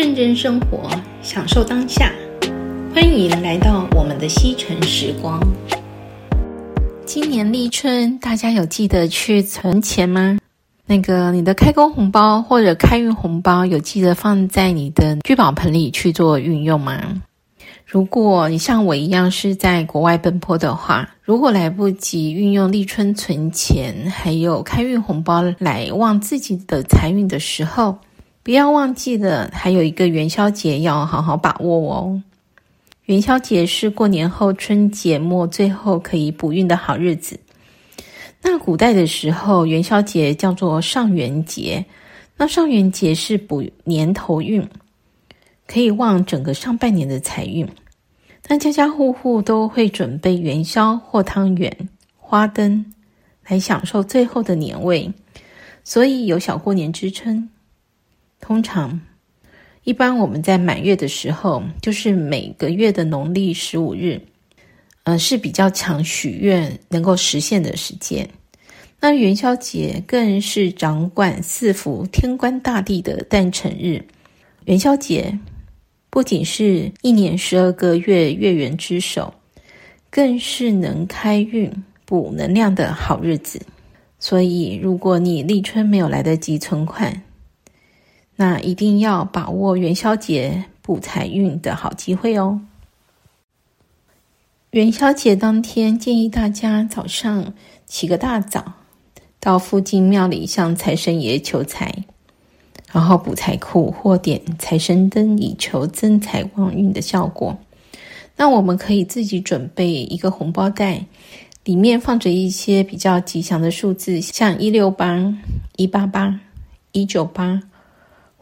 認真生活，享受當下。歡迎來到我們的西城時光。今年立春，大家有記得去存錢嗎？那個你的開工紅包或者開運紅包，有記得放在你的聚寶盆裡去做運用嗎？如果你像我一樣是在國外奔波的話，如果來不及運用立春存錢，還有開運紅包來旺自己的財運的時候。不要忘記了，還有一個元宵節要好好把握哦。元宵節是過年後春節末最後可以補運的好日子。那古代的時候，元宵節叫做上元節。那上元節是補年頭運，可以旺整個上半年的財運。但家家戶戶都會準備元宵或湯圓、花燈，來享受最後的年味，所以有小過年之稱。通常，一般我們在滿月的時候，就是每個月的農曆十五日，呃，是比較強許願能夠實現的時間。那元宵節更是掌管四福天官大帝的誕辰日。元宵節不僅是一年十二個月月圓之首，更是能開運補能量的好日子。所以，如果你立春沒有來得及存款，那一定要把握元宵節補財運的好機會哦！元宵節當天，建議大家早上起個大早，到附近廟裡向財神爺求財，然後補財庫或點財神燈，以求增財旺運的效果。那我們可以自己準備一個紅包袋，裡面放着一些比較吉祥的數字，像一六八、一八八、一九八。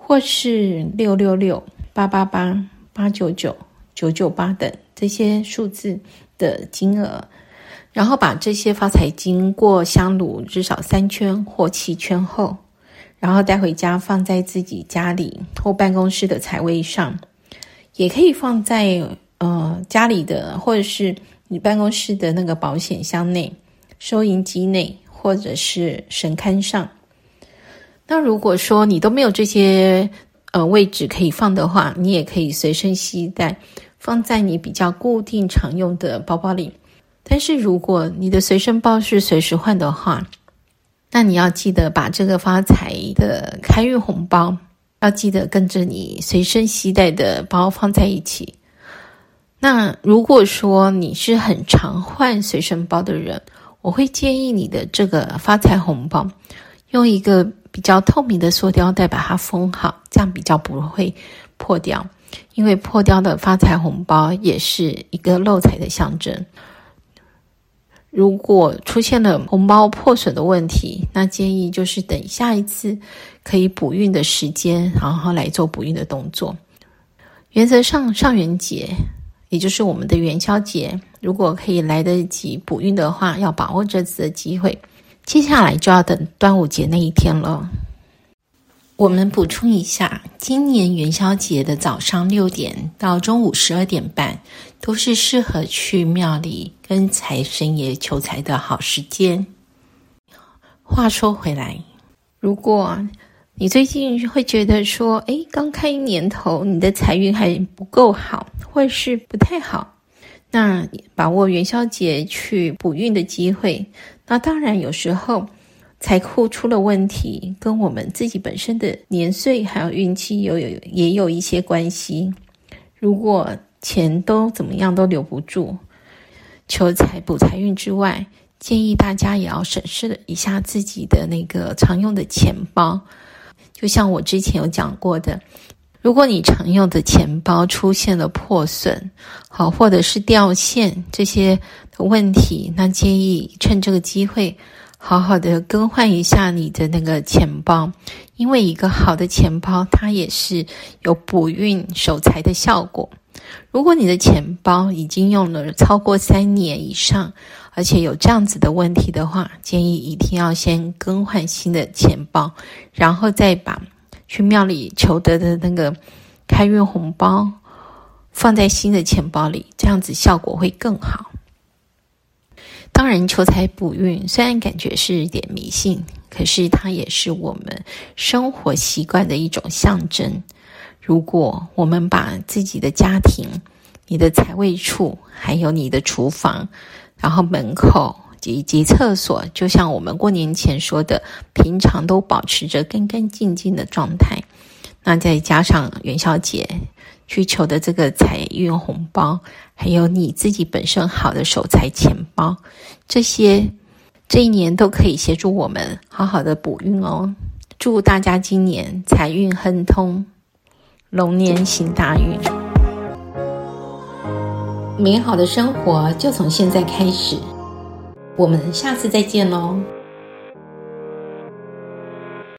或是六六六、八八八、八九九、九九八等這些數字的金額，然後把這些發財金經過香爐至少三圈或七圈後，然後帶回家放在自己家裡或辦公室的財位上，也可以放在呃家裡的或者是你辦公室的那個保險箱內、收銀機內或者是神龕上。那如果說你都沒有這些呃位置可以放的話，你也可以隨身攜帶，放在你比較固定常用的包包裡。但是如果你的隨身包是隨時換的話，那你要記得把這個發財的開運紅包要記得跟着你隨身攜帶的包放在一起。那如果說你是很常換隨身包的人，我會建議你的這個發財紅包用一個。比較透明的塑膠袋，把它封好，這樣比較不會破掉。因為破掉的發財紅包也是一個漏財的象徵。如果出現了紅包破損的問題，那建議就是等下一次可以補運的時間，好好來做補運的動作。原則上，上元節，也就是我們的元宵節，如果可以來得及補運的話，要把握這次的機會。接下來就要等端午節那一天了。我們補充一下，今年元宵節的早上六點到中午十二點半，都是適合去廟裡跟財神爺求財的好時間。話說回來，如果你最近會覺得說，哎，剛開年頭你的財運還不夠好，或是不太好，那把握元宵節去補運的機會。那當然，有時候財庫出了問題，跟我們自己本身的年歲還有運氣有有也有一些關係。如果錢都怎麼樣都留不住，求財，補財運之外，建議大家也要審視一下自己的那個常用的錢包。就像我之前有講過的。如果你常用的錢包出現了破損，好或者是掉線這些問題，那建議趁這個機會好好的更換一下你的那個錢包，因為一個好的錢包它也是有補運守財的效果。如果你的錢包已經用了超過三年以上，而且有這樣子的問題的話，建議一定要先更換新的錢包，然後再把。去廟裡求得的那個開運紅包，放在新的錢包裡，這樣子效果會更好。當然，求財補運雖然感覺是一點迷信，可是它也是我們生活習慣的一種象徵。如果我們把自己的家庭、你的財位處，還有你的廚房，然後門口，以及廁所，就像我們過年前說的，平常都保持着乾乾淨淨的狀態。那再加上元宵節去求的這個財運紅包，還有你自己本身好的守財錢包，這些這一年都可以協助我們好好的補運哦。祝大家今年財運亨通，龍年行大運，美好的生活就從現在開始。我們下次再見嘍。